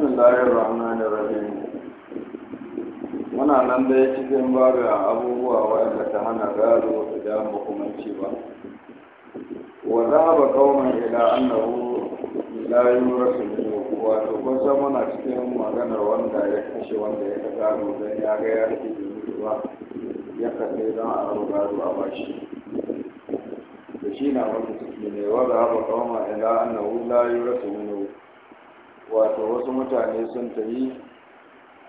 bismillahir rahmanir rahim muna nan dai cikin babu abubuwa wanda ta hana gado idan ba Wa kuma ci ba wa zahaba qauman ila annahu la yurasu minhu wato kusa muna cikin maganar wanda ya kashe wanda ya ta gado don ya ga ya rike ba ya kalle don a ruga gado a bashi da shi na wanda suke ne wa za a zahaba qauma ila annahu la yurasu minhu wato wasu mutane sun yi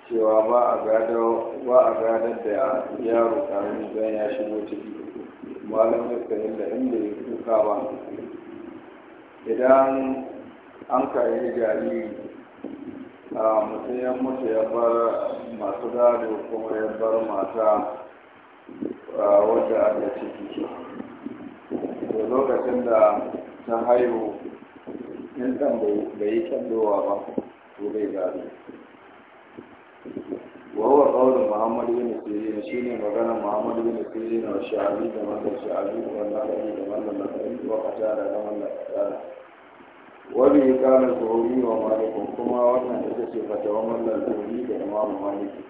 cewa ba a gadar da yaro ne don ya shigo ciki malam iskarin da inda ya kuka ba idan an kayi jariri a mutum mutu ya bar masu gado kuma ya bar mata wadda aka ciki lokacin da ta haihu in ɗan bai yi canzowa ba to bai gari wawar ƙaunar muhammadu yana siri ne shi ne magana muhammadu yana siri na sha'ari da mallar sha'ari da mallar da mallar ɗari da wata da wani ya kama zuhuri wa malikun kuma wannan da ce fata wa mallar zuhuri da imamu maliki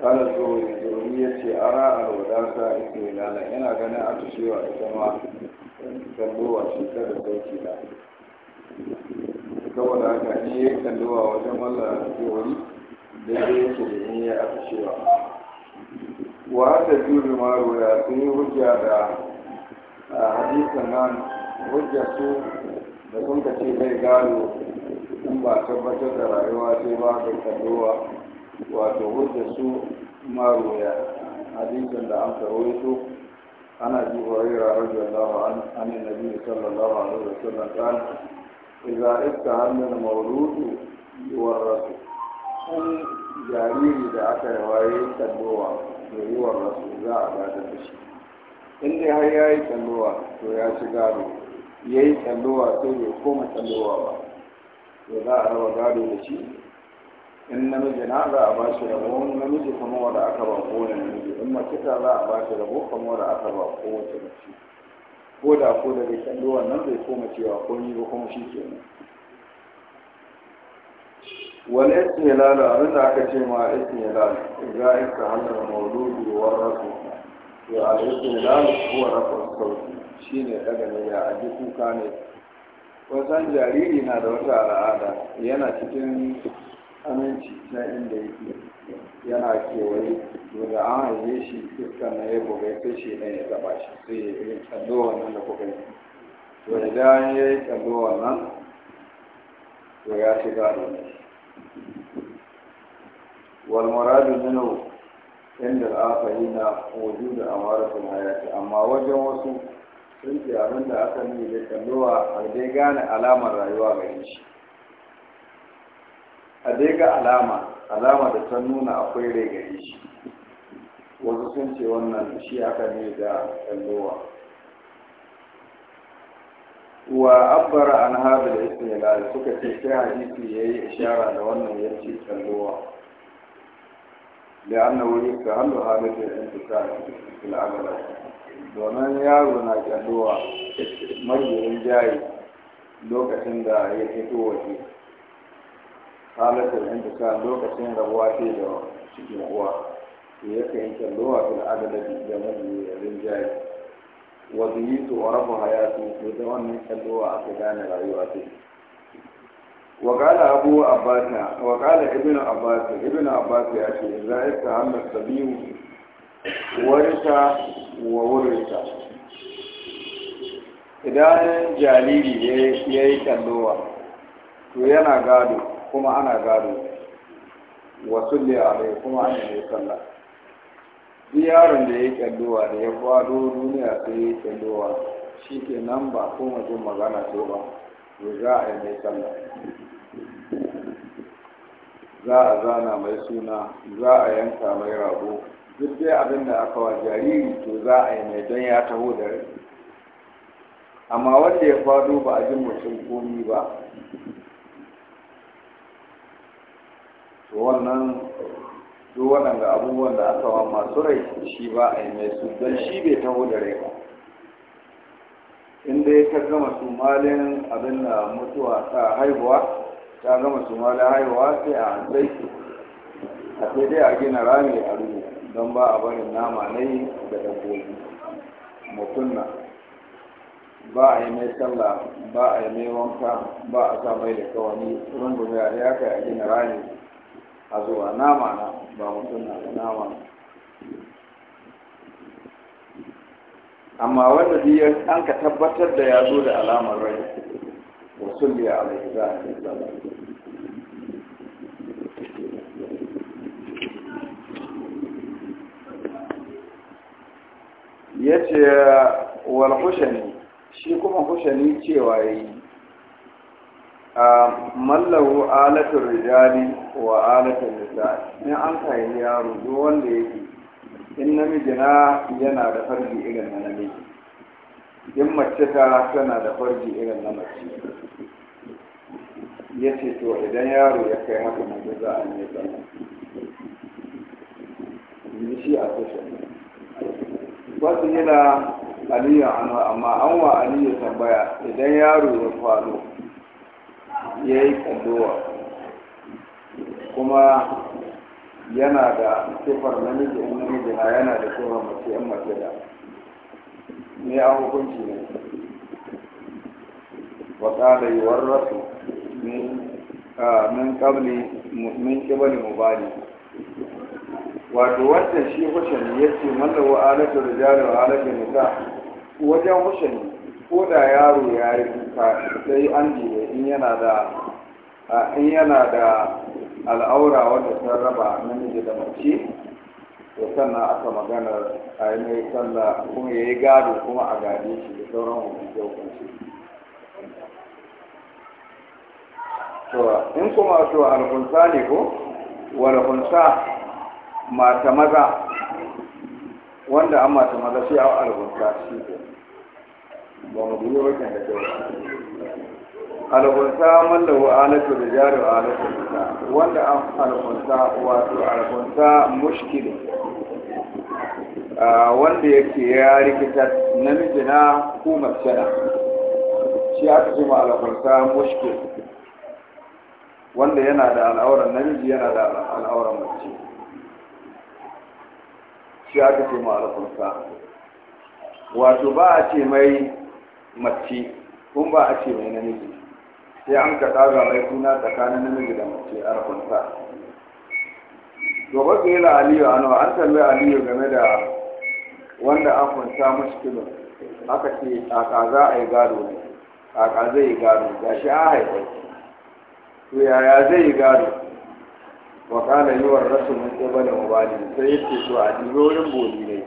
kana zuhuri zuhuri ya ce ara alwadasa ita yana ganin a tushewa ita ma kan zuwa shekarar sauki da ita saboda haka in ya wa wajen wallah yawari daidai ke da in ya aka cewa wa ta juri maro ya sun yi hujja da hadisan nan hujja su da sun ka ce zai gado in ba tabbatar da rayuwa sai ba ga kalluwa wato hujja su maro ya hadisan da an karoito ana ji horira rajin lawa an annabi sallallahu alaihi wasallam iza iska hannun mauludu yiwuwar rasu in jariri da aka yawaye kallowa da yiwuwar rasu za a gada da shi in dai har ya yi kallowa to ya ci gado ya yi kallowa sai bai koma kallowa ba to za a raba gado da shi in namiji na za a bashi rabo namiji kamar wanda aka ba kowane namiji in za a bashi rabo kamar wanda aka ba kowace mace ko da ko da bai wannan zai koma cewa komi ba kuma shi ke nan wal istihlal abin da aka ce ma istihlal ga iska halar mauludi wa rasu to a istihlal huwa rafu shi ne daga ne ya aji kuka ne wasan jariri na da wata al'ada yana cikin aminci na inda yake yana kewaye to an haife shi iskan na ya bugai sai shi ɗan ya taɓa shi sai ya yi tsallo wannan da kuka yi to idan ya yi tsallo wannan to ya ci gado ne muradu minhu inda al'afari na wujudu a marasin hayati amma wajen wasu sun ce abin da aka yi da tsallowa a dai gane alamar rayuwa gare shi a dai ga alama alama da ta nuna akwai rai gare shi wasu sun ce wannan shi aka ne da ɗallowa wa abbara an haɗu da istilal suka ce sai hadisi ya yi ishara da wannan ya ce ɗallowa da an ka hannu halin da yan sa fil'amala domin yaro na ɗallowa marjirin jayi lokacin da ya fito waje halatar inda lokacin rabuwa ce da cikin uwa to ya kan yanke lowa fil adalabi da mabiyi rinjaye wa biyitu wa rabu hayatu to da wannan kallowa aka gane rayuwa ce وقال أبو عباس وقال ابن عباس ابن عباس يا شيخ إذا استهم الصبي ورث وورث idan jariri ya yi kallowa to yana gado kuma ana gado wa a alai kuma ana yi sallah bi yaron da ya kyalluwa da ya kwado duniya sai ya kyalluwa shi ke nan ba kuma jin magana ce ba to za a yi mai sallah za a zana mai suna za a yanka mai rago duk dai abin da aka wa jariri to za a yi mai don ya taho da rai amma wanda ya kwado ba a jin mutum komi ba wannan duk waɗanda abubuwan da aka wa masu rai shi ba a yi mai su don shi bai taho da rai ba inda ya ta gama sumalin abin da mutuwa ta haihuwa ta gama sumalin haihuwa sai a hanzai a sai dai a gina rami a rubu don ba a barin nama na yi da dabbobi mutunna ba a yi mai sallah ba a yi mai wanka ba a sa mai da kawani rungume a ya kai a gina rami a zuwa nama na ba mutum na da nama amma wanda biya an ka tabbatar da ya zo da alamar rai da sulliya alaihi za a yi ya ce wal hushani shi kuma hushani cewa yi a mallahu alatul rijali wa alatan nisa in an kai yaro duk wanda yake in namiji na yana da farji irin na namiji in mace ta tana da farji irin na mace ya ce to idan yaro ya kai haka mace za a yi zama yi shi a kushin wasu yana aliyu hannu amma an wa aliyu tambaya idan yaro ya faru ya yi kallowa kuma yana da sifar namiji in namiji na yana da sifar mace in mace da ne a hukunci ne wa kada yuwarrasu min kabli min kibali bani. wato wannan shi hushen ya ce manda wa da jari wa ne ta wajen hushen ko da yaro ya yi kuka sai an jiye in yana da in yana da al'aura wanda ta raba namiji da mace to sannan aka magana a yi mai sallah kuma ya yi gado kuma a gade shi da sauran hukunce hukunce to in kuma to alhunsa ne ko walhunsa mata maza wanda an mata maza shi a alhunsa shi ba mu biyo wajen da kyau alkunsa mallahu alatu da jaru alatu wanda an alkunsa wato alkunsa mushkil ah, wanda yake ya rikita namiji na ko mace na shi aka ce ma alkunsa mushkili wanda yana da al'auran namiji yana da al'auran mace shi aka ce ma alkunsa wato ba a ce mai mace kuma ba a ce mai namiji sai an ka ɗaga mai kuna tsakanin namiji da mace a rakunsa gobe ka yi aliyu a nawa an tambaye aliyu game da wanda an kunta mashikilin aka ce kaka za a yi gado ne kaka zai yi gado ga shi an haifai to yaya zai yi gado wa kana yi wa rasu mun tsaba da mubali sai yake to a dibe wurin boli ne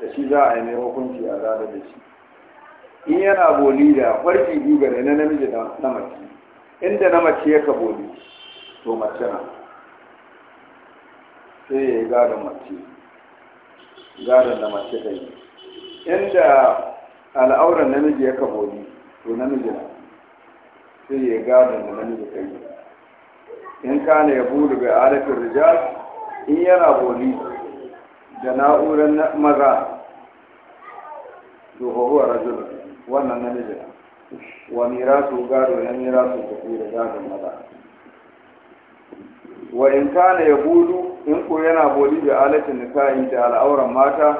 da shi za a yi mai hukunci a gado da shi in yana boli da farki biyu ga na namiji da na mace inda na mace yaka boli to mace na sai ya yi gadon mace gadon da mace ta yi inda al'auran namiji yaka boli to namiji na sai ya yi gadon da namiji ta yi in kane ya buru ga alifin rijal in yana boli da na'urar maza to huwa rajulun wannan namijin wa mirasu gado ya mirasu tafi da gadon maza wa in na ya hudu in ku yana boli da alatin nisa'i da al'auran mata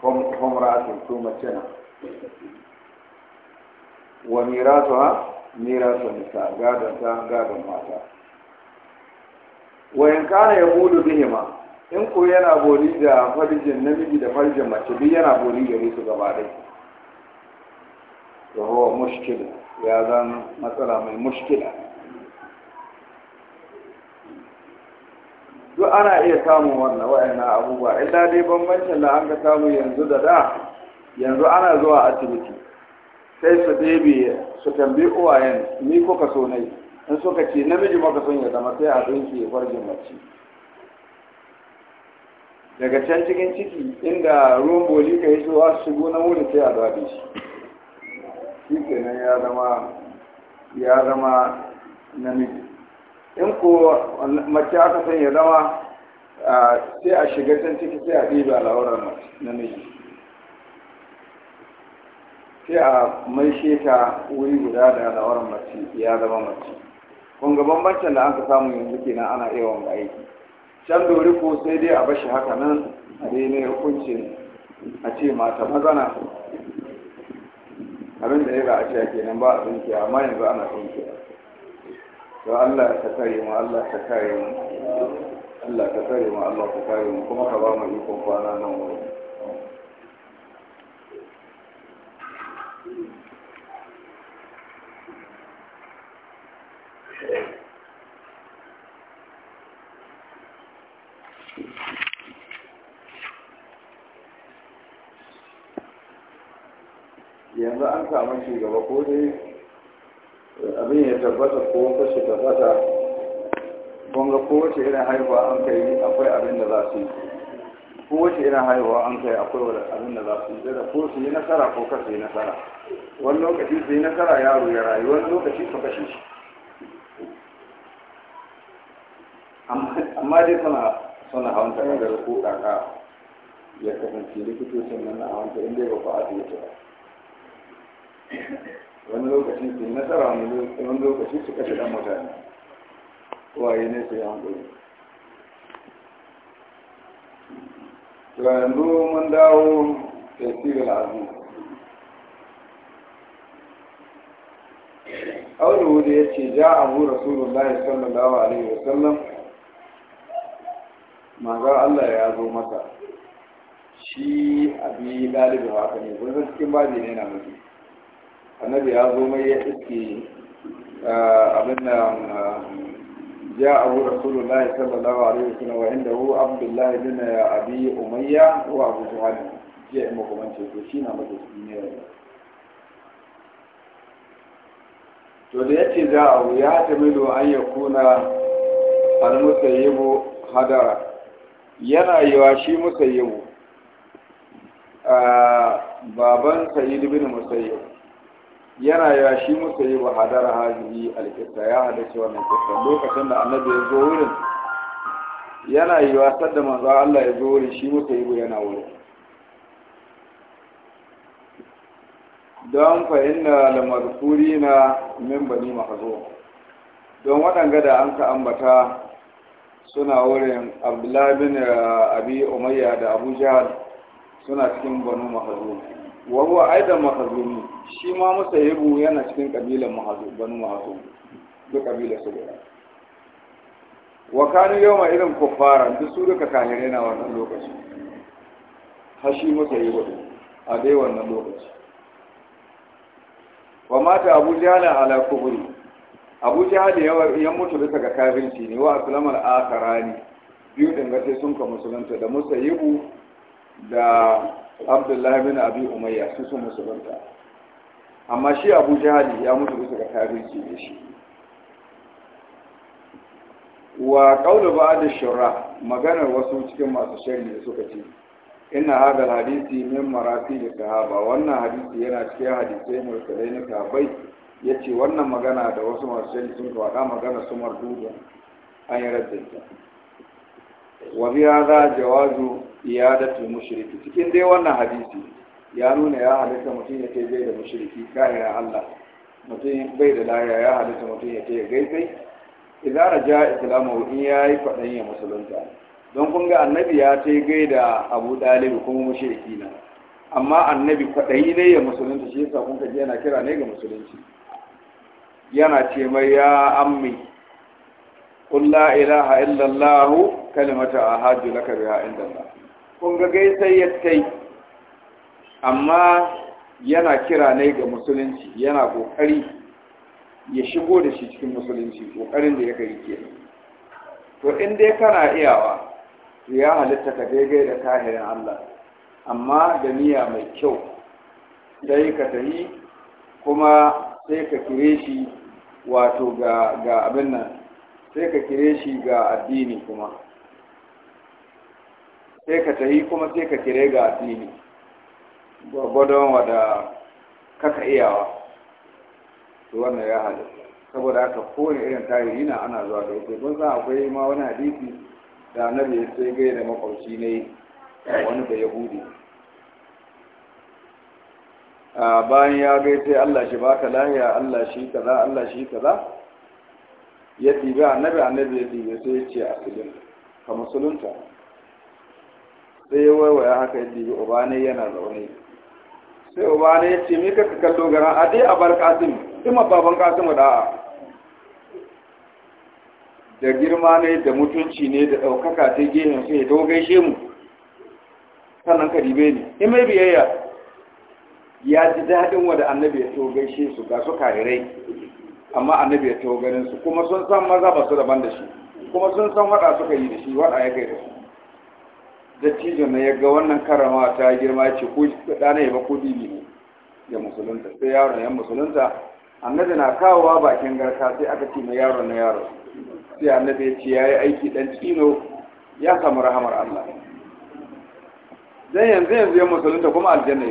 su su mace na wa mirasu ha mirasu nisa gadon ta gadon mata wa in na ya hudu bihima in ku yana boli da farjin namiji da farjin mace biyu yana boli da su gaba ɗaya da huwa mushkil ya zan matsala mai mushkil. duk ana iya samun wannan wa'ina abubuwa illa dai bambancin da an ka samu yanzu da da yanzu ana zuwa asibiti sai su ɗebe su tambi uwayen ni ko ka so nai in suka ce namiji maka son ya zama sai a dinki ya farjin mace daga can cikin ciki inda ruwan boli ka yi zuwa shigo na wuri sai a zaɓe shi shi kenan ya zama ya zama namiji in ko mace aka san ya zama sai a shiga can ciki sai a a lauran namiji sai a mai ta wuri guda da lauran mace ya zama mace kun ga bambancin da aka samu yanzu kenan ana iya wanga aiki can dori ko sai dai a bashi haka nan a daina hukuncin a ce mata mazana abin da ya ga a cewa kenan ba a tsinkiya amma yanzu ana tsinkiya to Allah ka kare mu Allah ka kare mu Allah ka kare mu Allah ka kare mu kuma ka ba mu ikon kwana nan wurin yanzu an samu shugaba ko dai eh, abin ya tabbata ko kashe tabbata gonga kowace irin haihuwa an kai akwai abin da za su yi kowace irin haihuwa an kai akwai abin da za su yi da ko su yi nasara ko kasu yi nasara wani lokaci su yi nasara yaro ya rayu wani lokaci su kashe shi amma dai suna suna hawan takardar ko kaka ya kasance likitocin nan na hawan ta inda ya ba ku asibiti ta lokaci su nasara wani lokaci su kashe ɗan mutane waye ne su yi hankali to yanzu mun dawo tafsirin azu aure wuri ya ce ja a hu rasulullahi sallallahu alaihi wasallam maza allah ya zo mata shi abi ɗalibin haka ne gudunar cikin baji ne na mutu annabi ya zo mai ya iske abin da ja abu rasulullahi sallallahu alaihi wasallam wa inda hu abdullahi bin abi umayya wa abu zuhal ya in makamance to shi na mata su ne to da yace za a ya tamilu an yakuna al-musayyibu hadara yana yiwa shi musayyibu baban sayyid yi musayyibu yana ya shi muka yi wa hadar hazihi alƙista ya halarci wannan ƙista lokacin da annabi ya zo wurin yana yi wasar da manzo Allah ya zo wurin shi muka yi yana wurin don fahimta lamar mazkuri na min bani zo. don waɗanga da an ka ambata suna wurin abdullahi bin abi umayya da abu jahal suna cikin banu zo. wa huwa aidan mahzumi shi ma musayyibu yana cikin kabilan mahzu banu mahzu duk kabila su guda wa kanu yawma irin kuffara duk su duka kahire na wannan lokaci hashi musayyibu a dai wannan lokaci wa mata abu jala ala kuburi abu jala ya mutu bisa ga kafinci ne wa aslamar akarani biyu dinga sai sun ka musulunta da musayyibu da abdullahi bin abi umayya su musu musulunta amma shi abu jihali ya mutu bisa ga tarihi da shi wa kaula ba da shura maganar wasu cikin masu shari'a da suka ce inna hadal hadisi min marasi da sahaba wannan hadisi yana cikin hadisai mursalai na sahabbai yace wannan magana da wasu masu shari'a sun faɗa magana su mardudu an yi wa bi hadha jawazu iyadatul mushriki cikin dai wannan hadisi ya nuna ya halitta mutum ya ce bai da mushriki kayan Allah mutum bai da lahiya ya halitta mutum ya kai gaisai idza raja islamu in yayi fadan ya musulunta don kun ga annabi ya ce da Abu Dalib kuma mushriki na amma annabi kwadayi ne ya musulunta shi yasa kun ji yana kira ne ga musulunci yana ce mai ya ammi qul la ilaha illallah kalimatu ahadu laka biha indallah gai sai ya kai, amma yana kira ne ga musulunci yana kokari ya shigo da shi cikin musulunci kokarin da ya kai ke to in dai kana iyawa to ya halitta ka daidai da tahirin Allah amma da niyya mai kyau sai ka tahi kuma sai ka kire shi wato ga abin nan sai ka kire shi ga addini kuma sai ka tahi kuma sai ka kire ga addini gwagwadon wadda kaka iyawa su wannan ya hada saboda aka kone irin tarihi na ana zuwa da wuce kun san akwai ma wani hadisi da annabi ya sai gaya da makwabci ne wani da yahudi bayan ya gai sai Allah shi baka lahiya Allah shi kaza Allah shi kaza ya tibi annabi annabi ya tibi sai ya ce a ka musulunta sai ya waiwaya haka ya dibi ubanai yana zaune sai ubanai ya ce me kaka kallo garan a dai a bar kasim ima baban da da'a da girma ne da mutunci ne da ɗaukaka ta gehen sai ya dogaishe mu sannan ka dibe ni in mai biyayya ya ji daɗin wanda annabi ya to gaishe su ga su karirai amma annabi ya to ganin su kuma sun san maza ba su daban da shi kuma sun san waɗa suka yi da shi waɗa ya kai da su dattijo na yaga wannan karama ta girma ce ko da ya ba ko bibi ne ya musulunta sai yaro ya musulunta annabi na kawowa bakin garka sai aka ce mai yaro na yaro sai annabi ya ce ya yi aiki dan tsino ya samu rahamar Allah dan yanzu yanzu ya musulunta kuma aljanna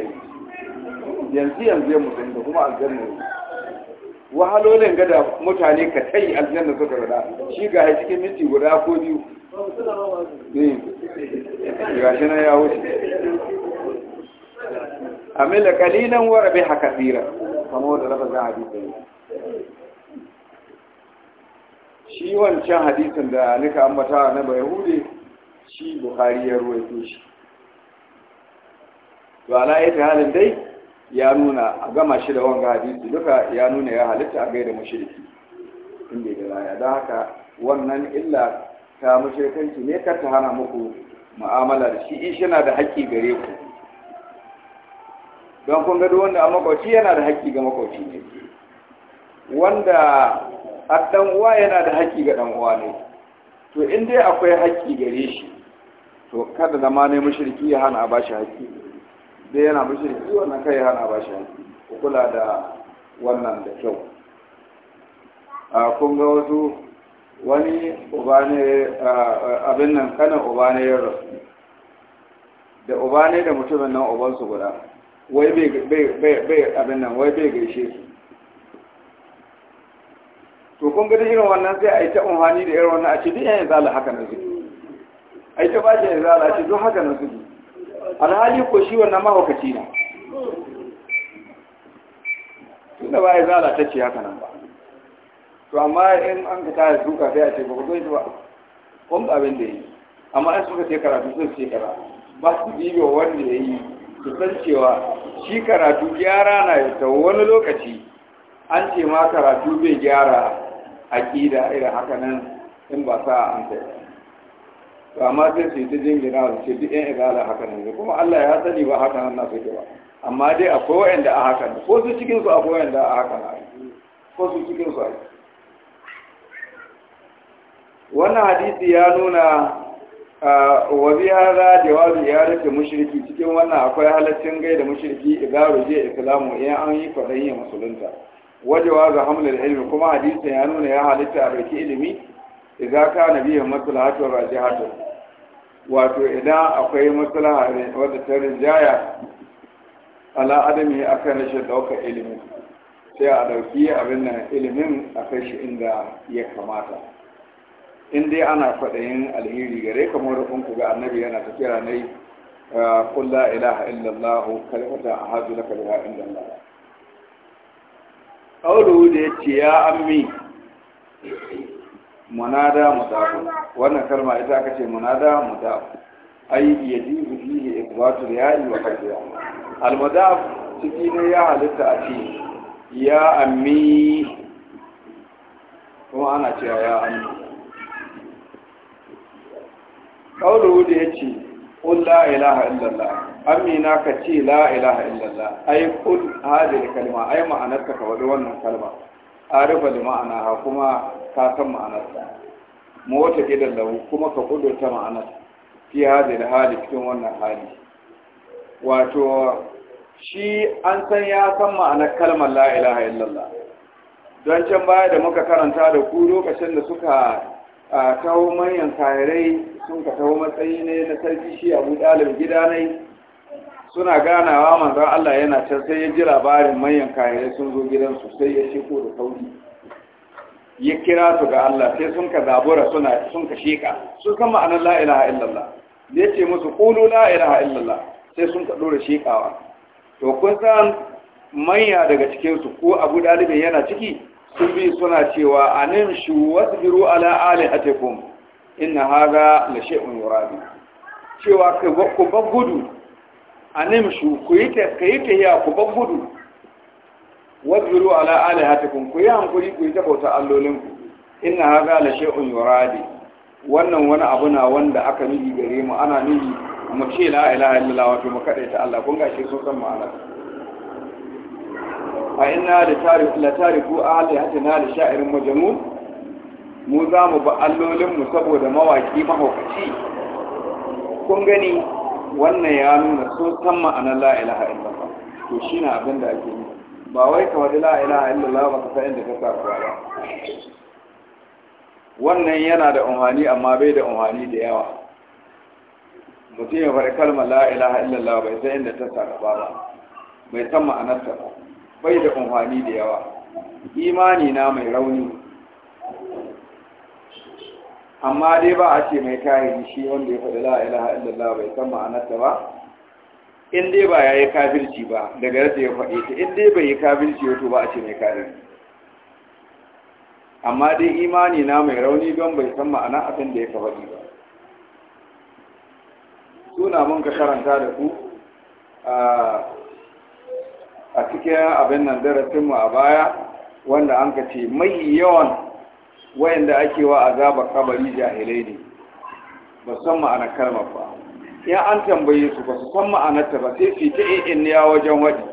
yanzu yanzu ya musulunta kuma aljanna yanzu wahalolin gada mutane ka tai aljanna suka rada shi ga cikin minti guda ko biyu eh, ga shi na ya wuce amila kalilan wa rabi ha tsira kamo da rafa za a bi shi wancan hadisin da nika ambata na bai hude shi buhari ya ruwa shi to ala ita halin dai ya nuna a gama shi da wanga hadisi duka ya nuna ya halitta a gaida mushriki inda da raya da haka wannan illa ta mushrikanci ne kar ta hana muku mu'amala da shi ishi shi na da haƙƙi gare ku don kun gado wanda a makwaci yana da haƙƙi ga makwaci ne wanda a ɗan uwa yana da haƙƙi ga ɗan uwa ne to in dai akwai haƙƙi gare shi to kada zama ne mushriki ya hana a bashi haƙƙi dai yana ciwon wannan kai hana ba shi ku kula da wannan da kyau a kun ga wasu wani uba ne abin nan kanan uba ne ya rasu da uba ne da mutumin nan ubansu guda wai bai abin nan wai bai gaishe su to kun ga irin wannan sai a yi ta umhani da irin wannan a ce duk yan zala haka na suke a yi ta ba shi yan zala a ce haka na suke alhali ko shi wannan mahaukaci na tunda ba ya za ta ce haka nan ba to amma in an ka tare duka sai a ce ba ku zo ba kun abin da yi amma an suka ce karatu sun ce karatu. ba su wa wanda ya yi su san cewa shi karatu gyara na ya wani lokaci an ce ma karatu bai gyara aƙida irin haka nan in ba sa an sai to amma sai su yi ta jingina su ce duk yan igala haka ne kuma Allah ya sani ba haka nan na suke ba amma dai akwai wa'anda a haka ne ko su cikin su akwai wa'anda a haka ne ko su cikin su a wannan hadisi ya nuna wa bi hada jawabi iyadati mushriki cikin wannan akwai halaccin gai da mushriki idaru je islamu in an yi kwadayin musulunta wa ga hamlul ilmi kuma hadisin ya nuna ya halitta a baki ilimi idza kana bihi maslahatu rajihatu wato idan akwai maslaha wadda ta rinjaya ala adami akan shi dauka ilimi sai a dauki abin nan ilimin a kai shi inda ya kamata in dai ana kwaɗayin alheri gare kamar rufin ku ga annabi yana ta kira nai ah, ilaha لا إله إلا الله كلمة أحد لك بها عند الله قوله ya ammi munada mudafu wannan kalma ita aka ce munada mudafu ai yaji fihi ikbatu riya'i wa kadira al mudaf ciki ne ya halitta a ce ya ammi kuma ana cewa ya ammi kawo da ya ce qul la ilaha illallah amina ka ce la ilaha illallah ai qul hadhihi kalma ai ma'anarta ka wani wannan kalma arifa da ma'ana ha kuma ka san ma'anarsa mu wata gidan lahu kuma ka kudurta ma'anar fi hadin hali cikin wannan hali wato shi an san ya san ma'anar kalmar la ilaha illallah don can baya da muka karanta da ku lokacin da suka taho manyan kayarai sun ka taho matsayi ne na sarki shi abu dalib gida ne suna ganawa manzon Allah yana can sai ya ji labarin manyan kayan sun zo gidansu sai ya shiko da sauri ya kira su ga Allah sai sun ka zabura suna sun ka sheka sun san ma'anar la ilaha illallah ya ce musu qulu la ilaha illallah sai sun ka dora shekawa to kun san manya daga cikin su ko Abu Dalibin yana ciki sun bi suna cewa anim shu wasbiru ala alihatikum inna hadha la shay'un yurad cewa ku gudu a nimshu ku yi tahiya ku ban gudu wadjuru ala alihatikum ku yi hankuri ku yi ta bauta allolin ku inna hadha la shay'un yuradi wannan wani abu na wanda aka nuhi gare mu ana nuhi mu ce la ilaha illallah wato mu kada ta Allah kun gashi sun san ma'ana a inna da tariku la tariku na da sha'irin majnun mu za mu ba allolin mu saboda mawaki mahaukaci kun gani wannan ya nuna sun san ma'anar la ilaha illallah to shi na abin da ake yi ba wai ka wadi La'ilaha ilaha illallah ba ka san inda ka sa ba wannan yana da umhani amma bai da umhani da yawa mutum ya faɗi kalmar la ilaha illallah bai san inda ta sa ba bai san ma'anar ba bai da umhani da yawa imani na mai rauni amma dai ba a ce mai kayan shi wanda ya faɗi la da illallah bai san ma'anarta ba in dai ba yi kafirci ba daga yadda ya faɗi ta in dai bai yi kafirci wato ba a ce mai kayan. amma dai imani na mai rauni don bai san ma'ana abin da ya faɗi ba suna mun ka karanta da ku a cikin abin nan darasinmu a baya wanda an ka ce mai yawan wayanda ake wa azaba kabari jahilai ne ba san ma'anar kalmar ba ya an tambaye su ba su san ma'anar ta ba sai su ta in ya wajen wadi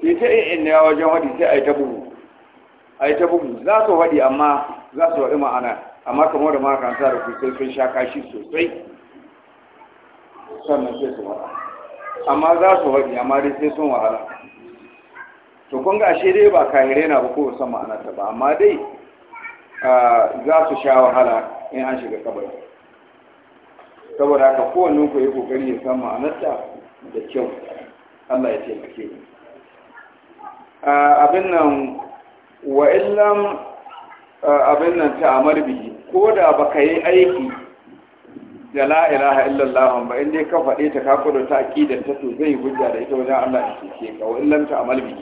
sai ta in ya wajen wadi sai a yi ta bugu a yi ta bugu za su wadi amma za su wadi ma'ana amma kamar da makaranta da kusur sun sha kashi sosai sannan sai su wada amma za su wadi amma dai sai sun wahala to kun ga ashe dai ba kahirai na ba ko san ma'anar ta ba amma dai za su sha wahala in an shiga kabari saboda haka kowannen ku yi kokari ya san ma'anarta da kyau Allah ya taimake ni abin nan wa illam abin nan ta amarbi ko da baka yi aiki da la'ilaha ilaha illallah ba in dai ka faɗe ta ka kudu ta da ta so zai hujja da ita wajen Allah ya taimake. ka wa illam ta amalbi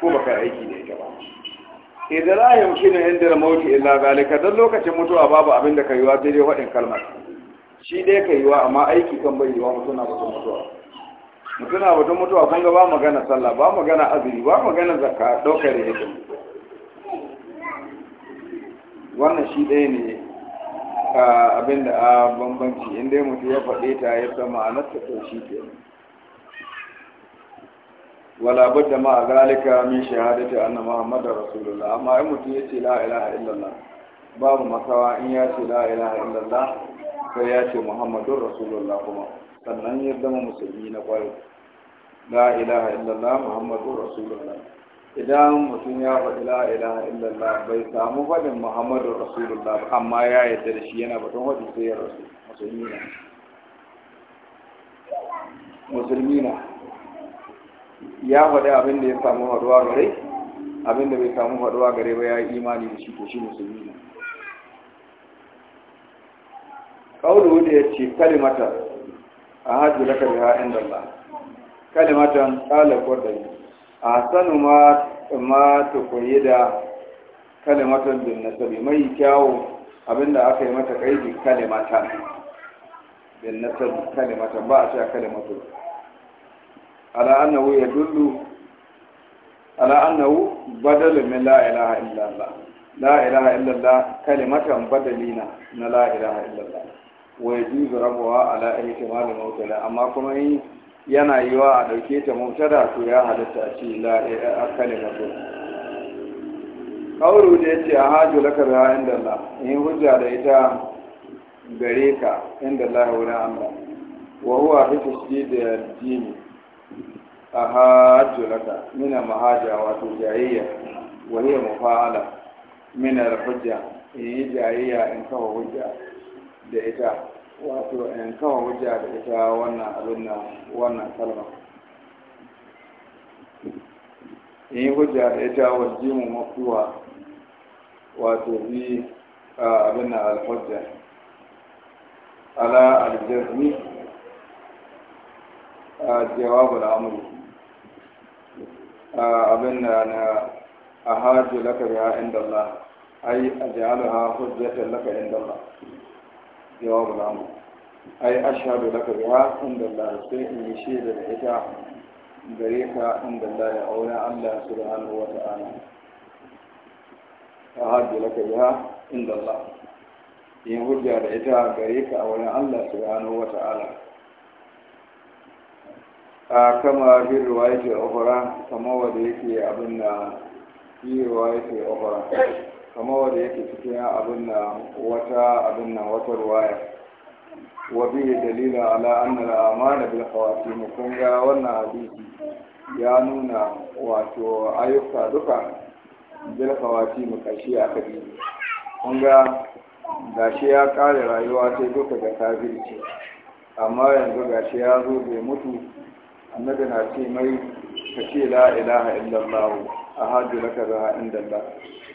ko ka yi aiki da ita ba idan la ne inda mauki illa zalika dan lokacin mutuwa babu abin da kaiwa sai dai wadin kalmar shi dai kaiwa amma aiki kan bai yiwa mutum na batun mutuwa mutuna na batun mutuwa kun ga ba magana sallah ba magana azumi ba magana zakka daukar hikim wannan shi ɗaya ne ah, abin da a ah, bambanci inda mutu ya faɗe ta ya sama a nasta to shi kenan wala budda ma zalika min shahadati anna muhammadar rasulullah amma in mutum yace la ilaha illallah babu masawa in ya ce la ilaha illallah sai ya ce muhammadur rasulullah kuma sannan ya zama musulmi na kwarai la ilaha illallah muhammadur rasulullah idan mutum ya faɗi la ilaha illallah bai samu faɗin muhammadur rasulullah amma ya yarda da shi yana batun faɗin sai ya rasu musulmi na musulmi na ya faɗi abin da ya samu haɗuwa gare abin da bai samu haɗuwa gare ba ya yi imani da shi to shi musulmi ne ƙauru da ya ce kalimata a hajji laka ha'in da Allah kalimatan da kwadari a sanu ma ma ta koyi da kalimatan bin nasabi mai kyawu abinda aka yi mata da kalimatan bin nasabi kalimatan ba a cewa kalimatan ala annahu yadullu ala annahu badal min la ilaha illa badalina na la ilaha illa Allah wa yajuzu rabuha ala ihtimal mawtala amma kuma yana yiwa a ɗauke ta mubtada to ya halatta a ce la ilaha kalimatu kauru da ya a hajji inda Allah in hujja da ita gare ka inda Allah wurin Allah wa huwa fi tashdid al-jini a hajjo laka mahaja wato jayayya wahiyar mafa'ala mina hujja in yi jayayya in kawo hujja da ita wato in kawo hujja da ita wannan abin wannan kalma in yi hujja da ita wajimin mafuwa wato bi abin nan alhujja ala aljazmi jawabul amri abin da na a hajji laka biya inda Allah ai a ja'alaha hujjatan laka inda Allah jawabul amr ai ashhadu laka biya inda Allah sai in yi shaida da ita gare ka inda Allah ya aure Allah subhanahu wa ta'ala a hajji laka biya inda Allah yin hujja da ita gare ka a wurin Allah subhanahu wa ta'ala kama bin ruwayati ukhra kama wanda yake abin da yi ruwayati ukhra kama wanda yake cikin abin da wata abin da wata ruwaya wa bi dalila ala anna amana bil khawatim kun ga wannan hadisi ya nuna wato ayyuka duka bil khawatim kashi aka bi kun ga gashi ya kare rayuwa sai duka da kafirci amma yanzu gashi ya zo bai mutu annabi na ce mai ka ce la ilaha illallah a hajji na ka zaha inda Allah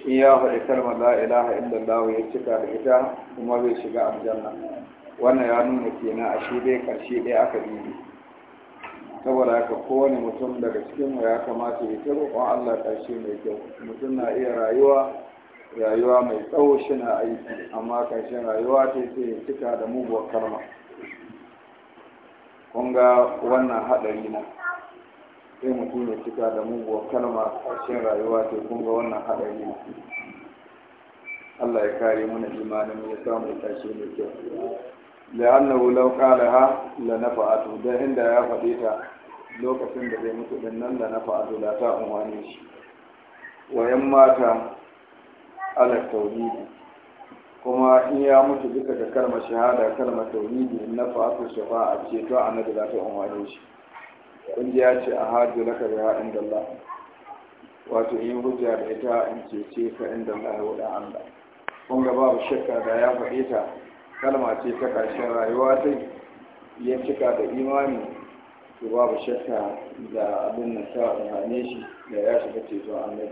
in ya faɗi kalmar la ilaha illallah ya cika da ita kuma zai shiga aljanna wannan ya nuna kenan a shi dai ƙarshe ɗaya aka bibi saboda haka kowane mutum daga cikinmu ya kamata ya ta roƙon Allah ƙarshe mai kyau mutum na iya rayuwa rayuwa mai tsawo shi na aiki amma karshen rayuwa ta sai ya cika da muguwar kalma kun ga wannan haɗari na sai mutum ya cika da muguwar kalma a cikin rayuwa sai kun ga wannan haɗari na Allah ya kare mana mu ya sa mu tashi mai kyau la'annahu law qalaha la nafa'atu da inda ya faɗe ta lokacin da zai mutu din nan la nafa'atu la ta umani shi Wayan mata ala tauhidi kuma in ya mutu duka da kalmar shahada kalmar tauhidi na fa'atu shafa'a ce to annabi za ta umarni shi Kungiya ya ce a hajji laka biha inda Allah wato in hujja da ita in ce ka inda Allah wa da Allah kun ga babu shakka da ya faɗe ta kalma ce ta ƙarshen rayuwa ta ya cika da imani to babu shakka da abin nan ta umarne shi da ya shiga to annabi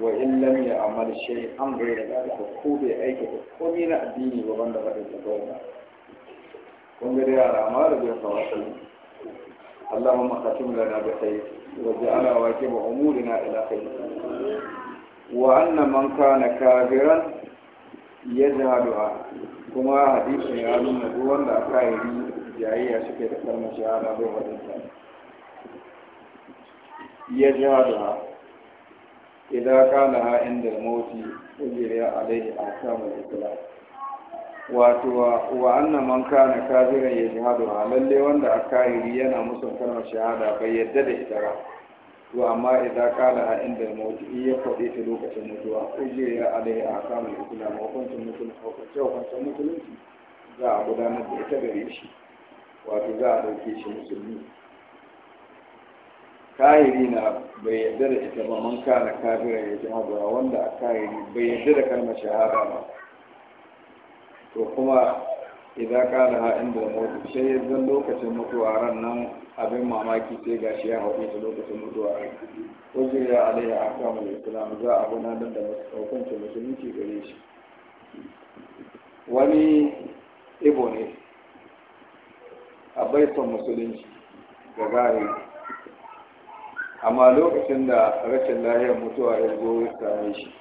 wa in lam ya amal shay an bai da ko ko bai aika ko komai na addini ba banda ba da ba ba kun ga yara amma da bai fa wasu Allahu ma khatim lana bi khair wa ja'ala waqiba umurina ila khair wa anna man kana kafiran yad'a kuma hadisin ya nuna duk wanda aka yi jayayya suke da karmashi ana bai wadanta ya ji hadu idan kana ha inda mauti ujira alaihi ahkamul islam wato wa annan man kana kafiran ya shahadu a lalle wanda a kahiri yana musu kalmar shahada bai yadda da ita ba to amma idan kala a inda mauti in ya faɗi ta lokacin mutuwa ujira alaihi ahkamul islam hukuncin mutum hukuncin hukuncin musulunci za a gudanar da ita gare shi wato za a ɗauke shi musulmi kahiri na bai yarda da ita ba man kana kafira ya ji haɗuwa wanda a kahiri bai yarda da kalmar shahada ba to kuma idan ka ha inda da mutu sai ya zan lokacin mutuwa ran nan abin mamaki sai ga shi ya haɗe ta lokacin mutuwa ran wajen ya alaiya a islam za a gudanar da hukuncin musulunci gare shi wani ibo ne a baitan musulunci ga gari amma lokacin da rashin lahiyar mutuwa ya zo ya same shi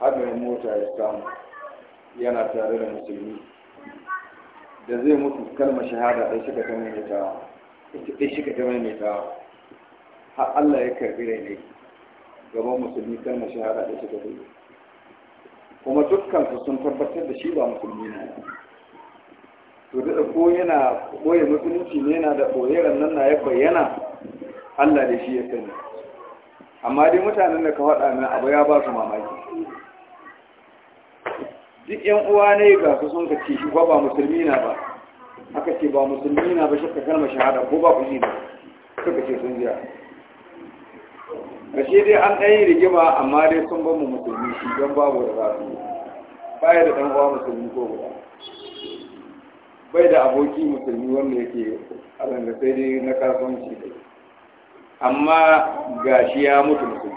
haɗarin mota ya samu yana tare da musulmi da zai mutu kalmar shahada ɗai shiga ta maimaitawa ɗai shiga ta maimaitawa har Allah ya karɓi da ne gaban musulmi kalmar shahada ɗai shiga ta kuma dukkan su sun tabbatar da shi ba musulmi na to da ko yana ɓoye musulunci ne yana da ɓoye nan na ya bayyana Allah da shi ya sani amma dai mutanen da ka faɗa min abu ya ba su mamaki duk yan uwa ne ga su sun ka ce shi ba musulmi na ba aka ce ba musulmi na ba shakka kalma shahada ko ba kuji ba suka ce sun jiya Kashe dai an ɗan yi rigima amma dai sun ba mu musulmi shi don babu da za su baya da ɗan uwa musulmi ko guda bai da aboki musulmi wanda yake a sai dai na kasuwanci dai amma ga shi ya mutu mutu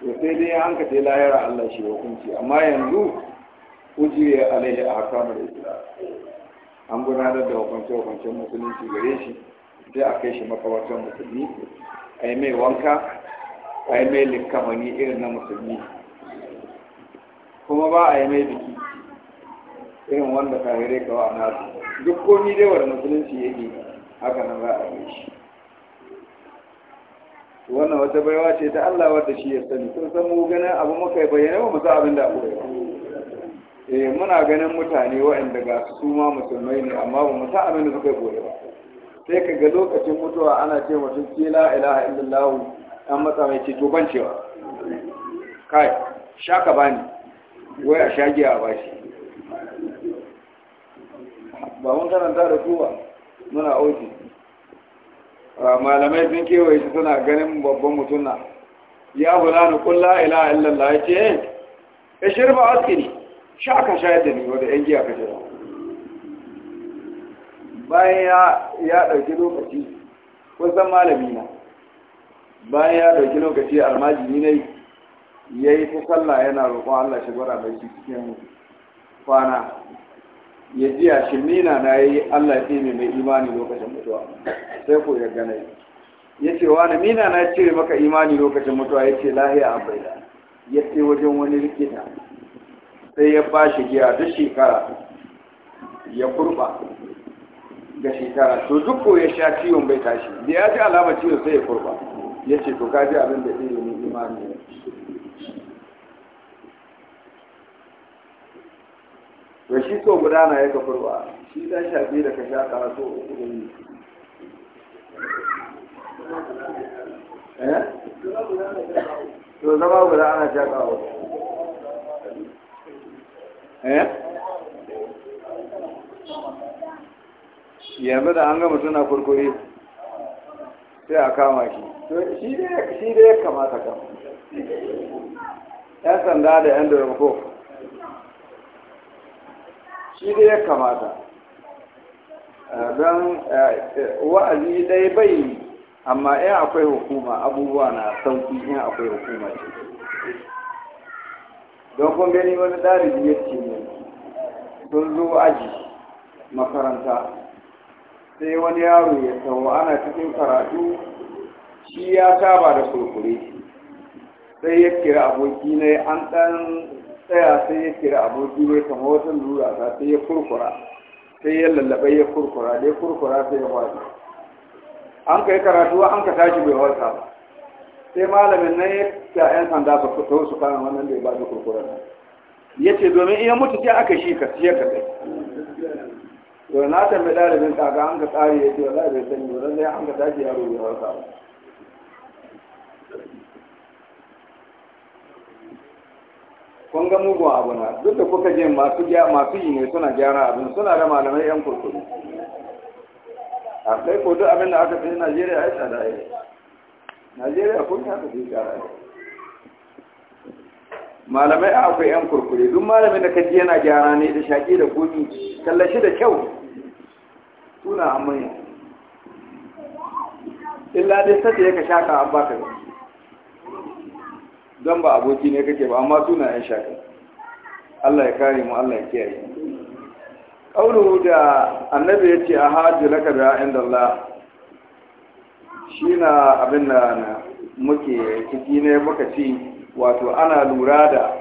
to sai dai an ka ce lahira Allah shi hukunci amma yanzu ujiye alaihi a hakamar islam an gudanar da hukunci hukuncin musulunci gare shi sai a kai shi makabartar musulmi a yi mai wanka a yi mai likamani irin na musulmi kuma ba a yi mai biki irin wanda kahirai kawa a nasu duk komi dai wanda musulunci yake haka nan za a yi shi wannan wata baiwa ce ta Allah wadda shi ya sani sun san mu ganin abu muka yi bayyana ba mu san abin da abu ba eh muna ganin mutane waɗanda ga su ma musulmai ne amma ba mu san abin da suka yi ba sai ka ga lokacin mutuwa ana ce wa ke la ilaha illallah an matsa mai ce to ban cewa kai shaka bani wai a shage a bashi ba mun karanta da kowa muna auki Ah, malamai sun kewaye shi suna ganin babban mutum na ya fulani kun kulla ila illallah ya ce eh, ya shirba askini sha ka shayar da ni wadda yan giya ka shirya bayan ya ɗauki lokaci kusan malami na bayan ya ɗauki lokaci almajini ne ya yi ta sallah yana roƙon allah shi gwada mai cikin kwana ya a shi nina na ya yi Allah ya ne mai imani lokacin mutuwa sai ko ya gane ya ce wa na nina na cire maka imani lokacin mutuwa ya ce lahiya a bai ya ce wajen wani likita sai ya ba shi giya duk shekara ya kurba ga shekara to duk ko ya sha ciwon bai tashi da ya ji alamar ciwon sai ya kurba ya ce to ka ji abin da ne imani ne to shi so gudana ya kafurwa shi dan shafi da ka sha so uku da yi eh? to zama guda ana sha kawo eh? yanzu da an gama suna kurkuri sai a kama shi shi dai ya kamata kama 'yan sanda da 'yan dormikof shi ya kamata eh, don eh, wa'azi dai bai amma in akwai hukuma abubuwa na sauki in akwai hukuma ce don kun gani wani ɗari ya ce ne sun zo aji makaranta sai wani yaro ya tawo ana cikin karatu shi ya saba da kurkure sai ya kira aboki na an ɗan tsaya sai ya kira aboki mai kama wata lura ta sai ya kurkura sai ya lallaba ya kurkura da ya kurkura sai ya kwaji an kai karatu an ka tashi bai wata ba sai malamin nan ya ta yan sanda ba ku tausu su kana wannan da ya bada kurkura nan ya ce domin iya mutu sai aka shi ka siya ka kai to na tambayi dalibin kaga an ka tsari ya ce wala bai sani wala sai an ka tashi yaro bai warka ba kun ga mugun abu na duk da kuka je masu masu yi ne suna gyara abin suna da malamai yan kurkuri a kai ko duk abin da aka fi Najeriya ya tsada ya Najeriya kun ta fi gyara malamai a akwai yan kurkuri duk malamin da kaji yana gyara ne da shaƙi da komi tallashi da kyau suna amai illa dai sai ya ka shaka an baka gani don ba aboki ne kake ba amma suna yan shaƙi Allah ya kare mu Allah ya kiyaye kauluhu da annabi ya ce a hajji laka da inda Allah shi na abin da muke ciki ne muka ci wato ana lura da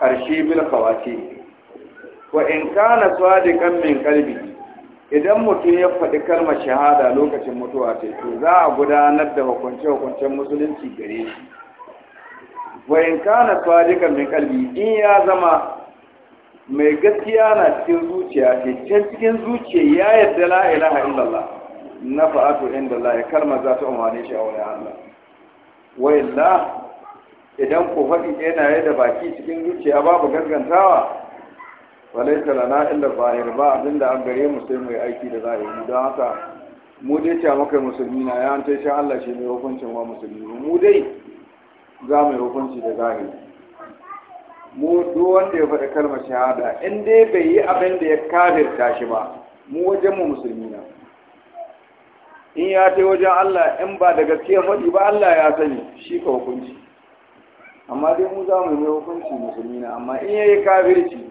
ƙarshe bil kawace wa in kana sadiqan min qalbi idan mutum ya faɗi kalmar shahada lokacin mutuwa ce to za a gudanar da hukunce hukuncen musulunci gare shi wa in kana sadiqan min qalbi in ya zama mai gaskiya na cikin zuciya ke, can cikin zuciya ya yarda la ilaha illallah na fa'atu inda Allah ya karma za ta umarni shi a wani Allah wa illa idan ku faɗi yana yi da baki cikin zuciya babu gaskantawa walai talana illa zahir ba abinda an gare mu sai yi aiki da zahiri don haka mu dai ce maka musulmi na ya an ta Allah shi ne hukuncin wa musulmi mu dai za mu yi hukunci da zahiri mu duk wanda ya faɗi kalmar shahada in dai bai yi abin da ya kafirta shi ba mu wajen mu musulmi na in ya ta wajen Allah in ba da gaskiya faɗi ba Allah ya sani shi ka hukunci amma dai mu za mu yi hukunci musulmi na amma in ya yi kafirci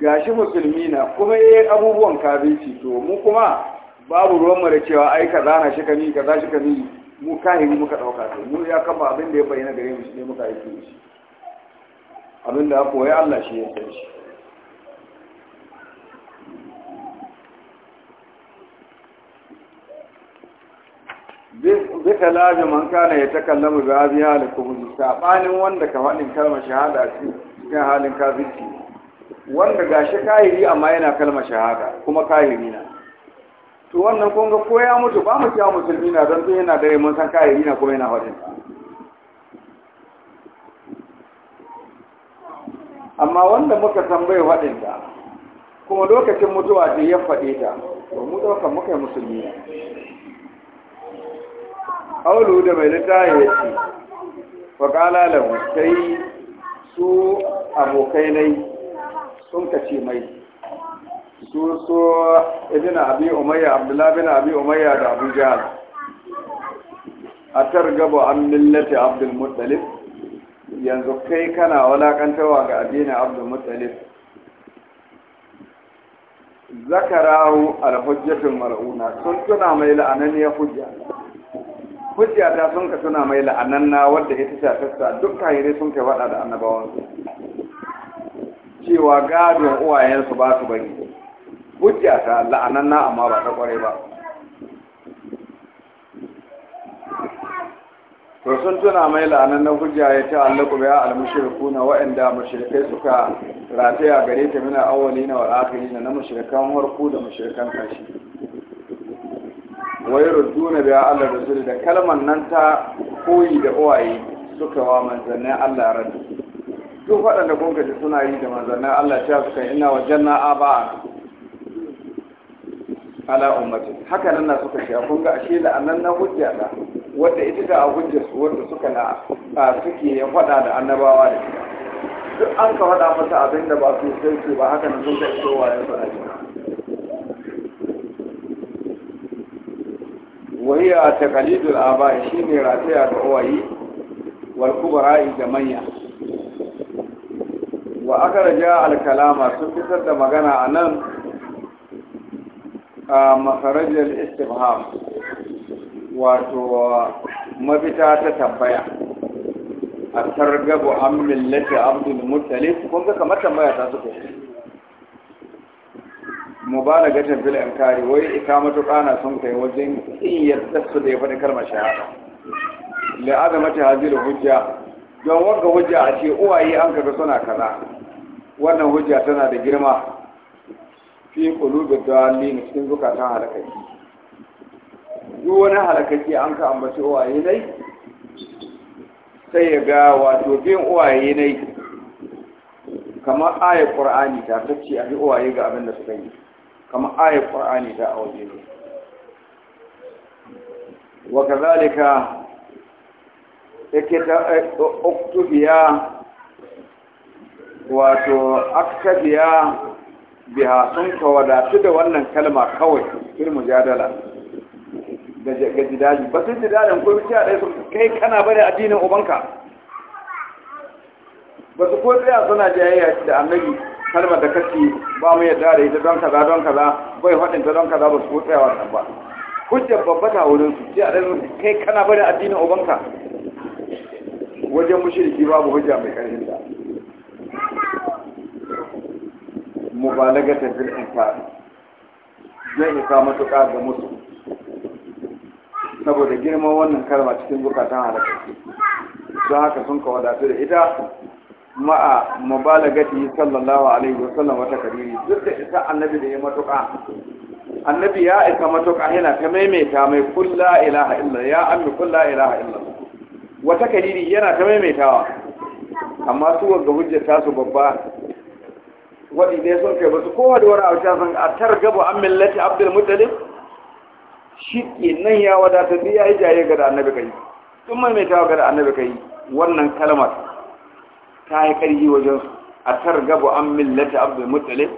gashi musulmi na kuma ya yi abubuwan kafirci to mu kuma babu ruwan mu da cewa ai kaza na shi ka ni kaza shi ka ni mu kahiri muka ɗauka to mu ya kafa abin da ya bayyana gare mu shi ne muka aiki shi abin da aka waya Allah shi ya san shi zika lafi man kana ya takallama bi abiya da kubuli sabanin wanda ka faɗin kalmar shahada cikin halin kafirci wanda gashi kahiri amma yana kalmar shahada kuma kahiri na to wannan kun ko ya mutu ba mu cewa musulmi na don tun yana dare mun san yi na kuma yana hajji amma wanda muka san bai faɗin kuma lokacin mutuwa ce ya faɗe ta ba mu ɗauka muka yi musulmi ne aulu da mai littafi ya ce faƙala da sai su abokai nai sun kace mai su so ibn abi umayya abdullah bin abi umayya da abu jahal a targaba an millati abdul muttalib yanzu kai kana walakantawa ga addinin abdul muttalib zakarahu alhujjatul mar'una sun tuna mai la'anan ya hujja hujja ta sun ka tuna mai la'anan na wadda ita ta tassa dukkan kahirai sun kai wada da annabawan su cewa gadon uwayensu ba su bari hujja ta la'ananna amma ba ta kware ba to sun tuna mai na hujja ya ta allaku biya al-mushriku na wa'anda mushrikai suka rataya gare ta mina awwali na wal na mushrikan harku da mushrikan kashi wai na biya Allah rasul da kalman nan ta koyi da uwaye suka wa manzannin Allah ran duk waɗanda kun ji suna yi da manzannin Allah ta suka ina wa janna aba ala ummatin haka nan na suka shiga kun ga ashe da annan na hujja da wanda ita ga hujja su wanda suka na suke ya faɗa da annabawa da shiga duk an ka faɗa masa abin da ba su sai su ba haka nan sun ga iso wa yanzu a jika wahiya taqalidul aba shine rataya da uwayi wal kubara'i da manya wa akara raja al kalama sun fitar da magana a nan makarajar istifham wato mafita ta tambaya a targabu Amin millata abdul mutalif kun ga kamar tambaya ta ba yi mubalagatan filin kari wai matuƙa na sun kai wajen in yadda su da ya faɗi kalmar shahada la azamati hujja don wanga hujja a ce uwaye an kaga suna kaza wannan hujja tana da girma fi kulubi qulubi dallin cikin zukatan halakaki duk wani halakaki an ka ambaci uwaye nai sai ya ga wato bin uwaye nai kamar ayat qur'ani ta tace a bi uwaye ga abin da suka yi kamar ayat qur'ani ta a waje ne wa kazalika yake da oktubiya eh, wato aktabiya biha sun kawadatu da wannan kalma kawai fil mujadala ga jidali ba sun jidalin ko biya dai sun kai kana bari addinin ubanka ba su ko tsaya suna jayayya da annabi kalmar da kace ba mu yadda da ita don kaza don kaza bai faɗin ta don kaza ba su ko tsaya wannan ba hujjar babbata wurin su ce a dai kai kana bari addinin ubanka wajen mushriki babu hujja mai karfin mubalagata fil inkar zai isa matuƙa ga musu saboda girman wannan kalma cikin zukatan halakar don haka sun ka wadatu da ita ma'a mubalagati sallallahu alaihi wa sallam wata kariri duk da isa annabi da ya matuƙa annabi ya isa matuƙa yana ta maimaita mai kulla ilaha illa ya ammi kulla ilaha illa wata kariri yana ta maimaitawa amma su wanda hujjata su babba waɗanda sun kai basu kowa da wani abuja sun a targaba an millati abdul mutalib shi ke nan ya wadata da ya yi jaye ga da annabi kai sun maimaitawa ga da annabi kai wannan kalmar ta yi karyi wajen su a targaba an millati abdul mutalib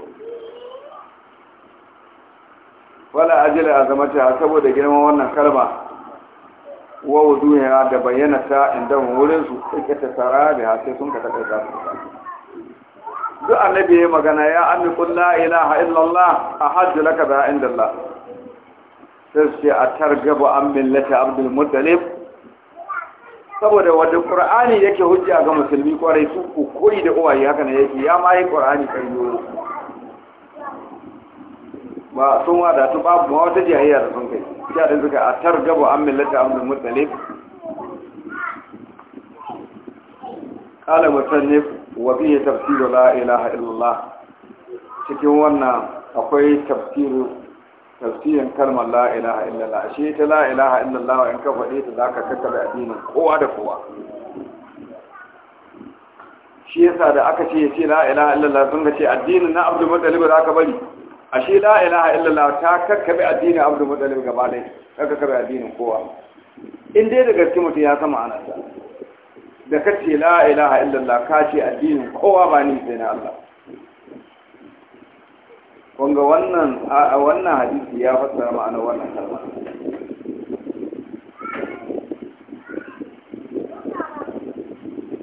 wala ajiyar azamata saboda girman wannan kalma wa wuduhiya da bayyana ta inda wurinsu suke ta tsara da sai sun ka taɓa ta duk annabi ya magana ya ammi kun la ilaha illallah ahad laka bi indallah sai ce a targaba an millata abdul muttalib saboda wadda qur'ani yake hujja ga musulmi kwarai su ku koyi da uwaye haka ne yake ya ma yi qur'ani kai yo ba sun wada ta babu ma wata jahiyya da sun kai ya da suka a targaba an millata abdul muttalib kala musannif wa bihi tafsiru la ilaha illallah cikin wannan akwai tafsiru tafsirin kalmar la ilaha illallah shi ta la ilaha illallah in ka faɗe ta zaka da addinin kowa da kowa shi yasa da aka ce ce la ilaha illallah sun ga ce addinin na abdul muttalib za ka bari ashe la ilaha illallah ta kakkabe addinin abdul muttalib gaba ɗaya kakkabe addinin kowa in dai da gaske mutum ya sama ana ta da ka ce la ilaha illallah ka ce addinin kowa ba ni sai na Allah kunga wannan a wannan hadisi ya fassara ma'anar wannan kalma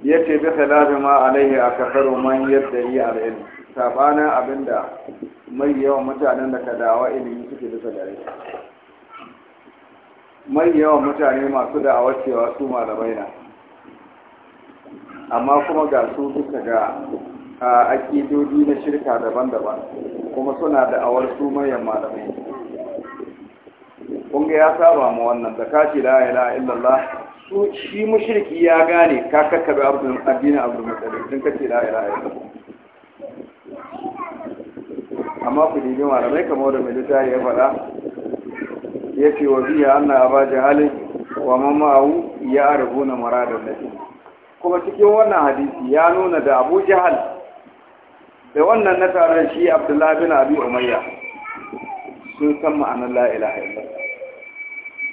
yace bi khilafi ma alaihi akasaru man yaddai al-ilm sabana abinda mai yawan mutanen da ka dawa ilimi suke da gare mai yawan mutane masu da'awar cewa su malamai na amma kuma ga su duka ga a akidodi na shirka daban-daban kuma suna da awar su mayan malamai kunga ya saba ma wannan da kashi la ilaha illallah su shi mushriki ya gane ka da abdul adina abdul mutalib din kace la ilaha illallah amma ku dinga malamai kamar da mai littafi ya faɗa ya ce wa biya anna abaja halin wa mama'u ya arhuna maradan nabi kuma cikin wannan hadisi ya nuna da abu jihal da wannan na tare shi abdullahi bin abu umayya sun san ma'anar La'ilaha illallah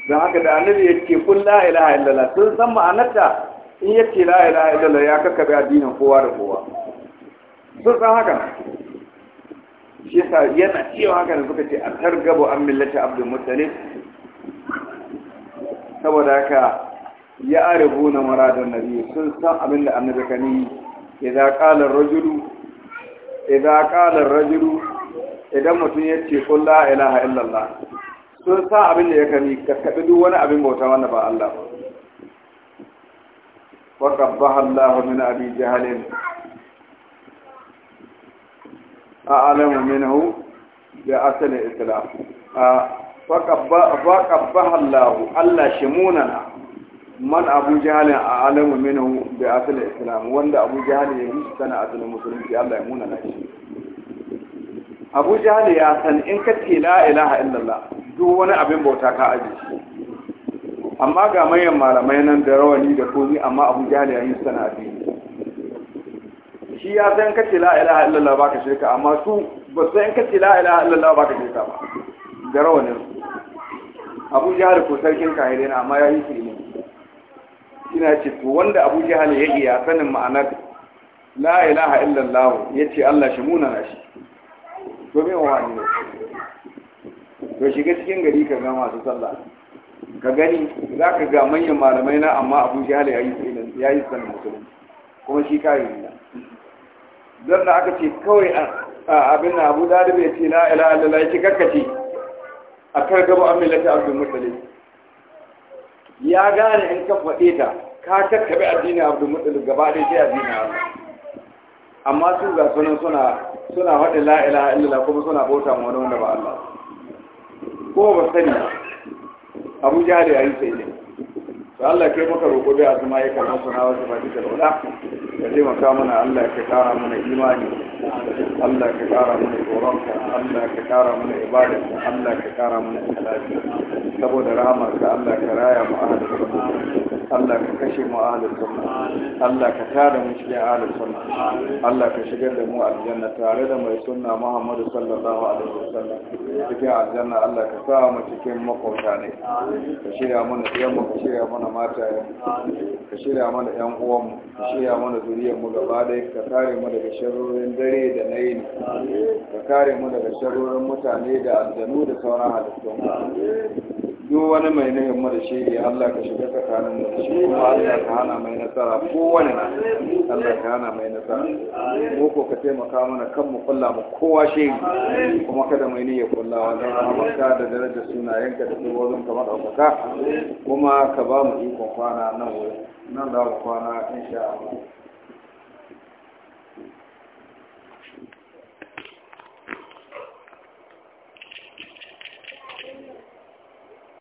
don haka da annabi ya ce kun la'ilaha illallah sun san ma'anarta in ya ce la'ilaha illallah ya bi addinin kowa da kowa sun san haka shi sa yana cewa haka da suka ce a targabo an millata abdul saboda haka ya arifu na muradun nabi sun san abin da annabi ka idza idan ar-rajulu idza qala rajulu idan mutum ya ce qul la ilaha illallah sun san abin da ya kani ka kabi duk wani abin bauta wanda ba Allah ba wa qabbaha Allah min abi a a'lamu minhu bi asl al-islam fa qabbaha Allah Allah munana. man abu jahalin a alamu minhu bi asali islam wanda abu jahali ya yi sana asalin musulunci Allah ya muna na shi abu jahali ya san in ka ce la ilaha illallah duk wani abin bauta ka aji amma ga manyan malamai nan da rawani da komi amma abu jahali ya yi sana addini shi ya san ka ce la ilaha illallah ka shirka amma su ba san in ka ce la ilaha illallah baka shirka ba da rawanin abu jahali ko sarkin kahire na amma ya yi su ina ce to wanda abu jihal ya iya sanin ma'anar la ilaha illallah ya ce allah shi muna na shi domin wani ne to shiga cikin gari ka ga masu sallah ka gani za ka ga manyan malamai na amma abu jihal ya yi sanin musulmi kuma shi kai ne Dan da aka ce kawai abin na abu da ce la ilaha illallah ya ce karkace a kargaba an abdul mutalib ya gane in ka faɗe ta ka kakkaɓe addini abu mutsalin gaba ɗaya sai addini Allah amma su ga sunan suna suna faɗin la'ila kuma suna bauta ma wani wanda ba Allah ko ba sani abu jari a yi sai ne to Allah kai maka roƙo da azuma ya karɓa su wasu fadi da rola ka taimaka mana Allah ka ƙara mana imani Allah ka ƙara mana tsoronka Allah ka ƙara mana ibada Allah ka ƙara mana salati saboda rahamar ka Allah ka raya mu ahli sunna Allah ka kashe mu ahli sunna Allah ka tada mu cikin ahli sunna Allah ka shigar da mu aljanna tare da mai sunna Muhammadu sallallahu alaihi wasallam cikin aljanna Allah ka sa mu cikin makwabta ne ka shirya mana ka shirya mana kamata ka shirya mana yan uwanmu ka shirya mana mu gaba ɗaya ka kare mu daga sharorin dare da na yini ka kare mu daga sharorin mutane da aljanu da sauran halittun duk wani mai nuhin mara da shege Allah ka shiga tsakanin mu shi kuma Allah ka hana mai nasara kowane na Allah ka hana mai nasara mu ko ka taimaka mana kan mu kulla mu kowa shege kuma kada mai niyya kulla wannan rahamarka da darajar sunayenka da tsibozin ka madaukaka kuma ka ba mu ikon kwana nan wurin nan za mu kwana insha Allah